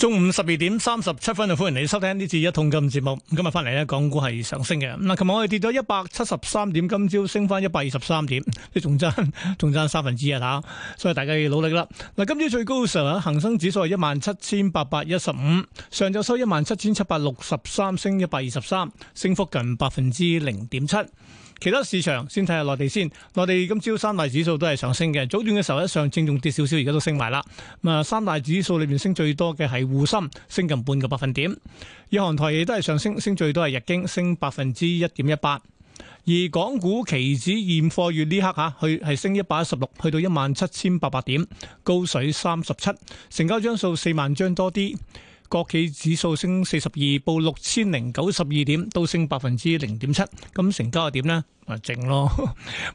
中午十二點三十七分，就歡迎你收聽呢次一通金節目。今日翻嚟呢，港股係上升嘅。嗱，琴日我哋跌咗一百七十三點，今朝升翻一百二十三點，你仲爭仲爭三分之一吓！所以大家要努力啦。嗱，今朝最高嘅時候，恒生指數係一萬七千八百一十五，上晝收一萬七千七百六十三，升一百二十三，升幅近百分之零點七。其他市場先睇下內地先。內地今朝三大指數都係上升嘅。早段嘅時候一上正仲跌少少，而家都升埋啦。咁三大指數裏面升最多嘅係滬深，升近半個百分點。日韓台亦都係上升，升最多係日經，升百分之一點一八。而港股期指現貨月呢刻下，去係升一百一十六，去到一萬七千八百點，高水三十七，成交張數四萬張多啲。國企指數升四十二，報六千零九十二點，都升百分之零點七。咁成交係點呢？咪靜咯，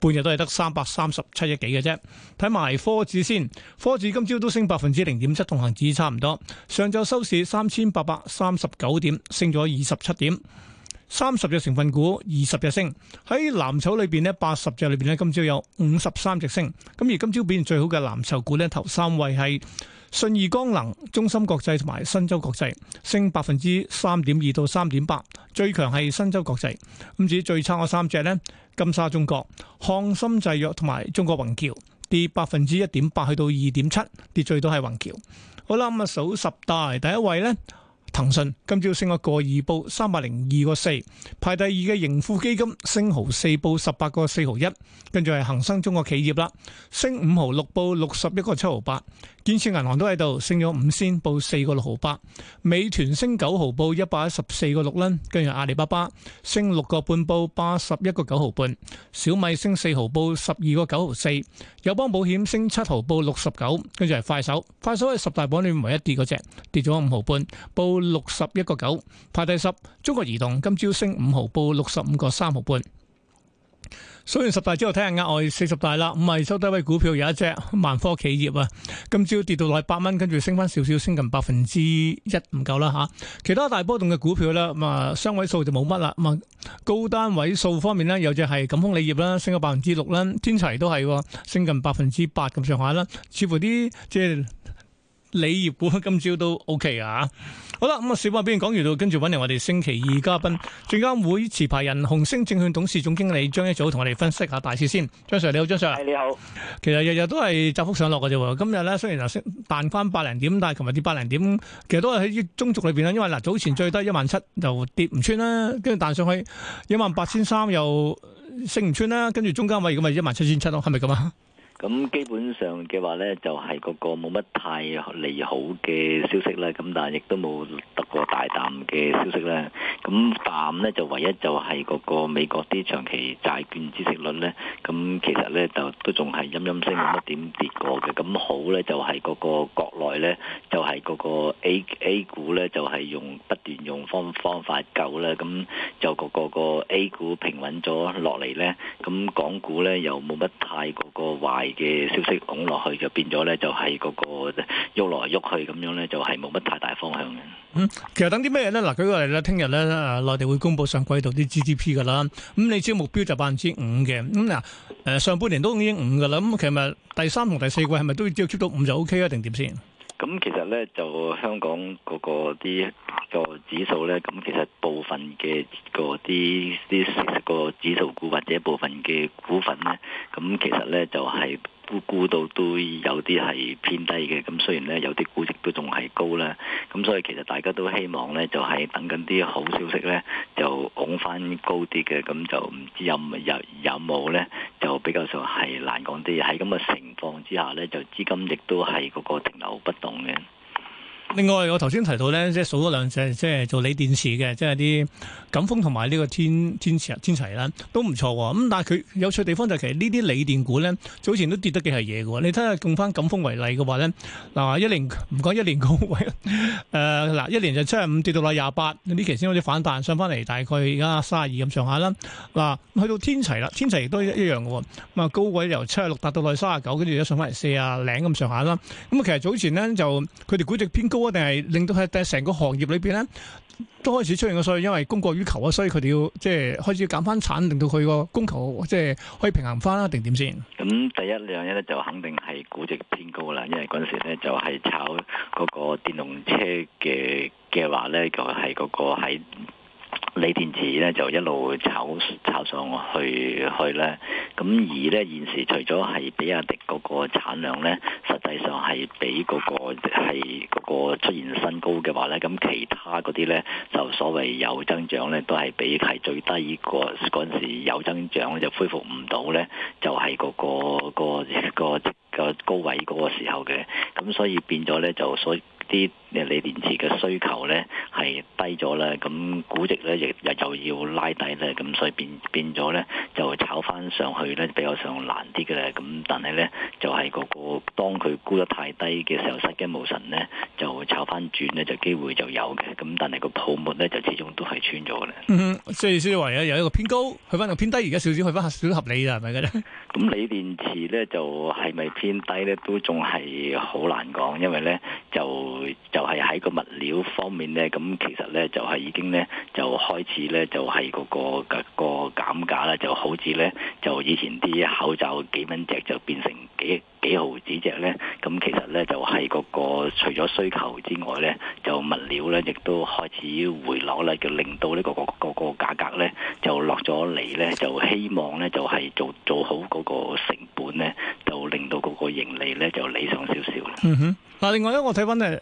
半日都係得三百三十七億幾嘅啫。睇埋科指先，科指今朝都升百分之零點七，同恒指差唔多。上晝收市三千八百三十九點，升咗二十七點。三十隻成分股，二十隻升。喺藍籌裏邊呢，八十隻裏邊呢，今朝有五十三隻升。咁而今朝表現最好嘅藍籌股呢，頭三位係。信義光能、中心國際同埋新洲國際升百分之三點二到三點八，最強係新洲國際。咁至於最差嗰三隻呢，金沙中國、翰森製藥同埋中國宏橋跌百分之一點八，去到二點七，跌最多係宏橋。好啦，咁啊，數十大第一位呢，騰訊今朝升咗個二報三百零二個四，排第二嘅盈富基金升毫四報十八個四毫一，跟住係恒生中國企業啦，升五毫六報六十一個七毫八。建設銀行都喺度升咗五仙，報四個六毫八。美團升九毫報，報一百一十四個六啦。跟住阿里巴巴升六個半，報八十一個九毫半。小米升四毫報，毫報十二個九毫四。友邦保險升七毫，報六十九。跟住係快手，快手係十大榜裏唯一跌嗰隻，跌咗五毫半，報六十一個九。排第十，中國移動今朝升五毫報，報六十五個三毫半。數完十大之後，睇下額外四十大啦，咁咪收低位股票有一隻萬科企業啊，今朝跌到落去百蚊，跟住升翻少少，升近百分之一唔夠啦吓。其他大波動嘅股票咧，咁啊，雙位數就冇乜啦。咁啊，高單位數方面呢，有隻係贛鋒鋰業啦，升咗百分之六啦，天齊都係升近百分之八咁上下啦。似乎啲即係鋰業股今朝都 O K 啊。好啦，咁、嗯、啊，小巴邊講完到，跟住揾嚟我哋星期二嘉賓，證監會持牌人，紅星證券董事總經理張益祖，同我哋分析下大市先。張 Sir 你好，張 Sir。你好。其實日日都係窄幅上落嘅啫。今日咧，雖然頭先彈翻百零點，但係琴日跌百零點，其實都係喺中軸裏邊啦。因為嗱，早前最低一萬七就跌唔穿啦，跟住彈上去一萬八千三又升唔穿啦，跟住中間位咁咪一萬七千七咯，係咪咁啊？咁基本上嘅話呢，就係、是、嗰個冇乜太利好嘅消息啦。咁但係亦都冇得過大淡嘅消息啦。咁淡呢，就唯一就係嗰個美國啲長期債券孳息率呢。咁其實呢，就都仲係陰陰聲冇乜點跌過嘅。咁好呢，就係、是、嗰個國內呢就係、是、嗰個 A A 股呢，就係、是、用不斷用方方法救咧。咁就個個個 A 股平穩咗落嚟呢。咁港股呢，又冇乜太嗰個壞。嘅消息講落去就變咗咧，就係嗰個喐來喐去咁樣咧，就係冇乜太大方向嘅。嗯，其實等啲咩咧？嗱，舉個例啦，聽日咧內地會公佈上季度啲 GDP 噶啦。咁你只要目標就百分之五嘅。咁嗱，誒上半年都已經五噶啦。咁其實第三同第四季係咪都要接接到五就 OK 啊？定點先？咁其實咧就香港嗰個啲。個指數呢，咁其實部分嘅個啲啲個指數股或者部分嘅股份呢，咁其實呢就係估估到都有啲係偏低嘅，咁雖然呢有啲估值都仲係高啦，咁所以其實大家都希望呢就係等緊啲好消息呢，就拱翻高啲嘅，咁就唔知有有有冇呢，就比較就係難講啲，喺咁嘅情況之下呢，就資金亦都係嗰個停留不動嘅。另外，我頭先提到咧，即係數咗兩隻，即係做鋰電池嘅，即係啲贛鋒同埋呢個天天齊天齊啦，都唔錯。咁、嗯、但係佢有趣地方就係，其實呢啲鋰電股咧，早前都跌得幾係嘢嘅。你睇下，用翻贛鋒為例嘅話咧，嗱、啊、一零唔講一年高位，誒、呃、嗱一年就七十五跌到落廿八，呢期先開始反彈，上翻嚟大概而家三十二咁上下啦。嗱、啊，去到天齊啦，天齊亦都一樣嘅。咁啊，高位由七十六達到落三十九，跟住又上翻嚟四啊零咁上下啦。咁、嗯、啊，其實早前咧就佢哋估值偏高。定係令到佢第成個行業裏邊咧都開始出現個所以，因為供過於求啊，所以佢哋要即係開始減翻產，令到佢個供求即係可以平衡翻啦，定點先？咁第一樣嘢咧就肯定係估值偏高啦，因為嗰陣時咧就係炒嗰個電動車嘅嘅話咧，就係嗰個喺。鋰電池咧就一路炒炒上去去咧，咁而咧現時除咗係比亞迪嗰個產量咧，實際上係比嗰、那個係嗰個出現新高嘅話咧，咁其他嗰啲咧就所謂有增長咧，都係比係最低個陣時有增長咧就恢復唔到咧，就係、是、嗰、那個、那個、那個、那個那個高位嗰個時候嘅，咁所以變咗咧就所啲嘅鋰電池嘅需求咧係低咗啦，咁估值咧亦又又要拉低咧，咁所以變變咗咧就炒翻上去咧比較上難啲嘅啦，咁但係咧就係嗰個當佢沽得太低嘅時候，失驚無神咧就炒翻轉咧就機會就有嘅，咁但係個泡沫咧就始終都係穿咗嘅啦。嗯，所以先話有有一個偏高，去翻個偏低，而家少少去翻少少合理啦，係咪嘅咧？咁鋰電池咧就係咪偏低咧都仲係好難講，因為咧就。就係喺個物料方面呢，咁其實呢，就係、是、已經呢，就開始呢，就係、是、嗰、那個、那個減價啦，就好似呢，就以前啲口罩幾蚊隻就變成幾幾毫子隻呢。咁其實呢，就係、是、嗰、那個除咗需求之外呢，就物料呢，亦都開始回落啦，就令到呢、這個、那個、那個價格呢，就落咗嚟呢，就希望呢，就係、是、做做好嗰個成本呢。就。令到嗰個盈利咧，就理想少少。嗯哼，嗱，另外咧，我睇翻咧，誒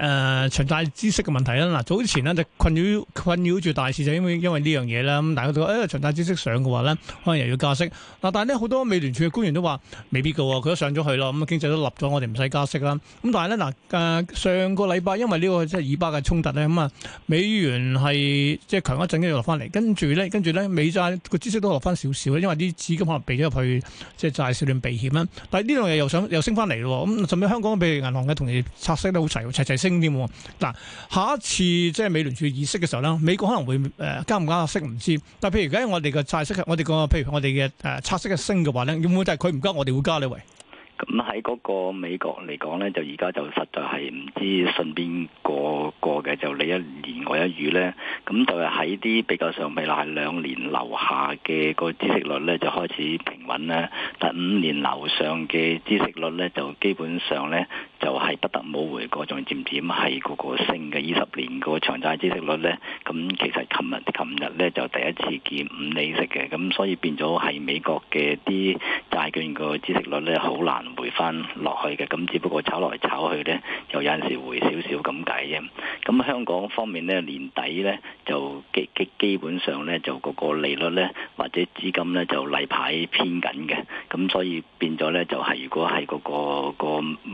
長債孳息嘅問題啦。嗱，早前呢，就困擾困擾住大市，就因為因為呢樣嘢啦。咁大家都誒、呃、長債孳息上嘅話咧，可能又要加息。嗱，但係呢，好多美聯儲嘅官員都話未必嘅。佢都上咗去咯。咁經濟都立咗，我哋唔使加息啦。咁但係咧，嗱，誒，上個禮拜因為呢、這個即係以巴嘅衝突咧，咁，啊美元係即係強一陣跟落翻嚟，跟住咧跟住咧，美債個孳息都落翻少少。因為啲資金可能避咗入去即係、就是、債市度避險啦。但係呢兩樣，又上又升翻嚟咯，咁甚至香港譬如銀行嘅同業拆息都好齊齊齊升添。嗱，下一次即係美聯儲議息嘅時候咧，美國可能會誒加唔加息唔知，但譬如而家我哋嘅債息嘅，我哋個譬如我哋嘅誒拆息嘅升嘅話咧，會唔會都係佢唔加，我哋會加咧？喂？咁喺嗰個美國嚟講咧，就而家就實在係唔知順便過過嘅，就你一年我一月咧。咁就係喺啲比較上，未來係兩年樓下嘅個孳息率咧，就開始平穩啦。但五年樓上嘅孳息率咧，就基本上咧就係、是、不得冇回過，仲漸漸係個個升嘅。二十年個長債孳息率咧，咁其實琴日琴日咧就第一次見五釐息嘅，咁所以變咗係美國嘅啲債券個孳息率咧好難。回翻落去嘅，咁只不過炒來炒去呢，就有陣時回少少咁解啫。咁香港方面呢，年底呢，就基基基本上呢，就個個利率呢，或者資金呢，就例牌偏緊嘅，咁所以變咗呢，就係如果係個個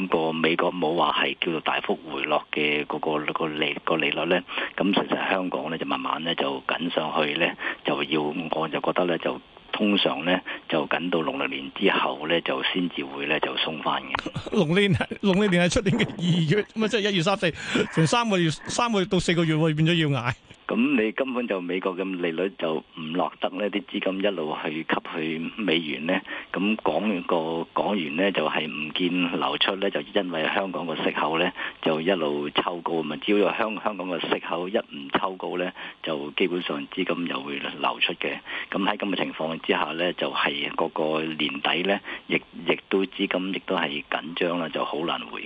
個美國冇話係叫做大幅回落嘅嗰個個利個利率呢，咁其實香港呢，就慢慢呢，就緊上去呢，就要我就覺得呢，就。通常咧就緊到龍年之後咧就先至會咧就鬆翻嘅。龍年，龍年係出年嘅二月，咁啊 即係一月、三、四，成三個月，三個月到四個月喎，變咗要捱。咁你根本就美國嘅利率就唔落得，呢啲資金一路去吸去美元咧。咁港元個港元咧就係唔見流出咧，就因為香港個息口咧就一路抽高，啊嘛。只要香香港個息口一唔抽高咧，就基本上資金又會流出嘅。咁喺咁嘅情況之下咧，就係 𠮶 個年底咧，亦亦都資金亦都係緊張啦，就好難回。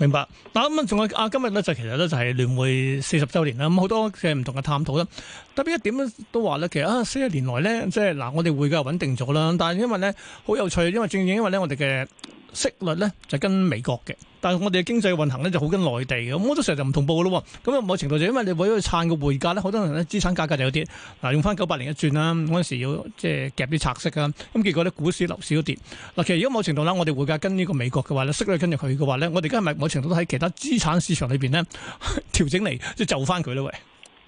明白，但咁啊，仲有啊，今日咧就其實咧就係聯會四十週年啦，咁好多嘅唔同嘅探討啦。特別一點咧都話咧，其實，其實啊，四十年來咧，即係嗱、啊，我哋匯價穩定咗啦，但係因為咧好有趣，因為正正因為咧我哋嘅。息率咧就跟美國嘅，但係我哋嘅經濟運行咧就好跟內地嘅，咁好多時候就唔同步嘅咯。咁啊某程度就因為你為咗去撐個匯價咧，好多人咧資產價格就有啲嗱，用翻九八年一轉啦，嗰陣時要即係夾啲拆息啊，咁結果咧股市樓市都跌。嗱，其實如果某程度啦，我哋匯價跟呢個美國嘅話咧，息率跟住佢嘅話咧，我哋而家係咪某程度都喺其他資產市場裏邊咧調整嚟即係就翻佢咯。喂。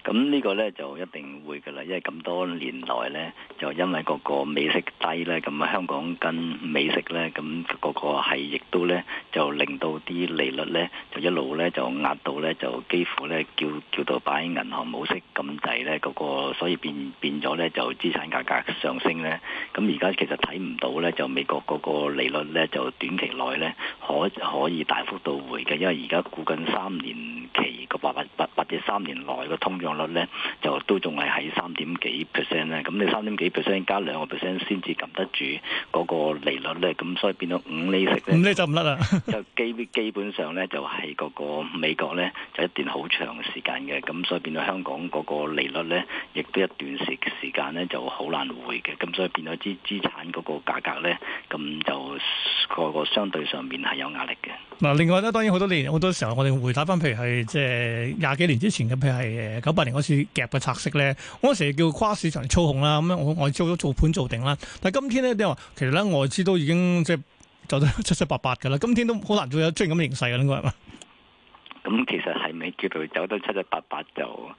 咁呢個呢就一定會嘅啦，因為咁多年來呢，就因為個個美息低呢，咁啊香港跟美息呢，咁個個係亦都呢，就令到啲利率呢，就一路呢，就壓到呢，就幾乎呢，叫叫到擺銀行模式咁滯呢。個個所以變變咗呢，就資產價格上升呢。咁而家其實睇唔到呢，就美國個個利率呢，就短期內呢，可以可以大幅度回嘅，因為而家估緊三年期個百百或者三年內個通脹率咧就都仲係喺三點幾 percent 咧，咁你三點幾 percent 加兩個 percent 先至撳得住嗰個利率咧，咁所以變咗五厘息咧，五釐就唔甩啦。就基基本上咧就係嗰個美國咧就一段好長嘅時間嘅，咁所以變到香港嗰個利率咧，亦都一段時時間咧就好難回嘅，咁所以變咗資資產嗰個價格咧，咁就個個相對上面係有壓力嘅。嗱，另外咧當然好多年好多時候我哋回睇翻，譬如係即係廿幾年之前嘅，譬如係誒九八。嗰次夾嘅拆息咧，我嗰時叫跨市場操控啦，咁樣我我做咗做盤做定啦。但係今天咧即係話，其實咧外資都已經即係走得七七八八嘅啦。今天都好難再有出現咁嘅形勢嘅應該係嘛？咁其實係咪叫到走得七七八八就，就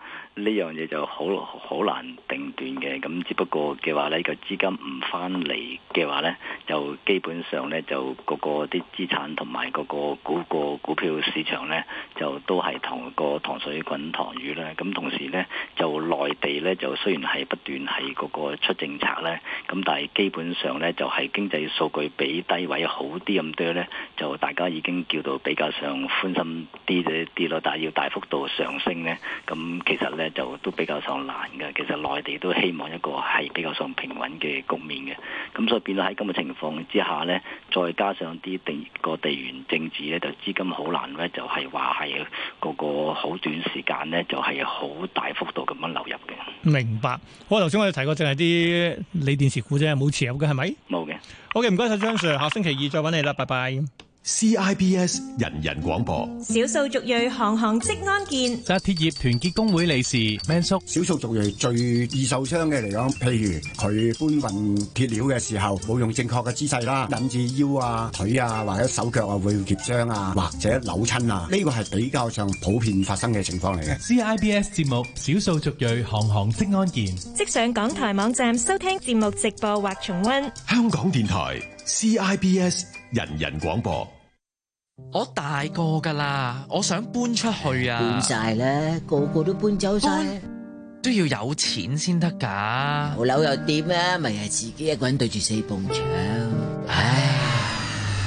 呢樣嘢就好好難定斷嘅。咁只不過嘅話呢，個資金唔返嚟嘅話呢，就基本上呢，就嗰個啲資產同埋嗰個股個股票市場呢，就都係同個糖水滾糖漿啦。咁同時呢，就內地呢，就雖然係不斷係嗰個出政策呢，咁但係基本上呢，就係、係、經濟數據比低位好啲咁多呢，就大家已經叫到比較上寬心啲。跌落但係要大幅度上升咧，咁其實咧就都比較上難嘅。其實內地都希望一個係比較上平穩嘅局面嘅。咁所以變咗喺咁嘅情況之下咧，再加上啲地個地緣政治咧，就資金好難咧，就係話係個個好短時間咧，就係好大幅度咁樣流入嘅。明白。好啊，頭先我哋提過淨係啲鋰電池股啫，冇持有嘅係咪？冇嘅。的 OK，唔該晒，張 Sir。下星期二再搵你啦，拜拜。CIBS 人人廣播，少數族裔行行即安健，紮鐵業團結工會理事 Man 叔、so.，少數族裔最易受傷嘅嚟講，譬如佢搬運鐵料嘅時候冇用正確嘅姿勢啦，引致腰啊、腿啊或者手腳啊會跌傷啊，或者扭親啊，呢個係比較上普遍發生嘅情況嚟嘅。CIBS 節目，少數族裔行行即安健，即上港台網站收聽節目直播或重温香港電台 CIBS。CI BS, 人人廣播，我大個噶啦，我想搬出去啊，搬晒啦，個個都搬走晒，都要有錢先得噶，冇樓、嗯、又點啊，咪、就、係、是、自己一個人對住四埲牆，唉。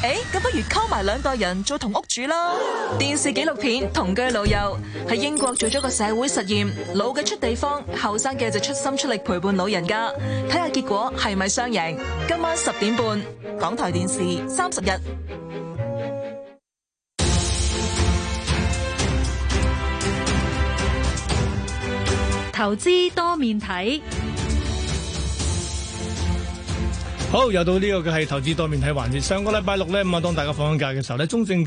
誒，咁、欸、不如溝埋兩代人做同屋主啦！電視紀錄片《同居老友》喺英國做咗個社會實驗，老嘅出地方，後生嘅就出心出力陪伴老人家，睇下結果係咪雙贏。今晚十點半，港台電視三十日。投資多面睇。好，又到呢個嘅係投資多面睇環節，上個禮拜六咧，咁啊當大家放緊假嘅時候咧，中證。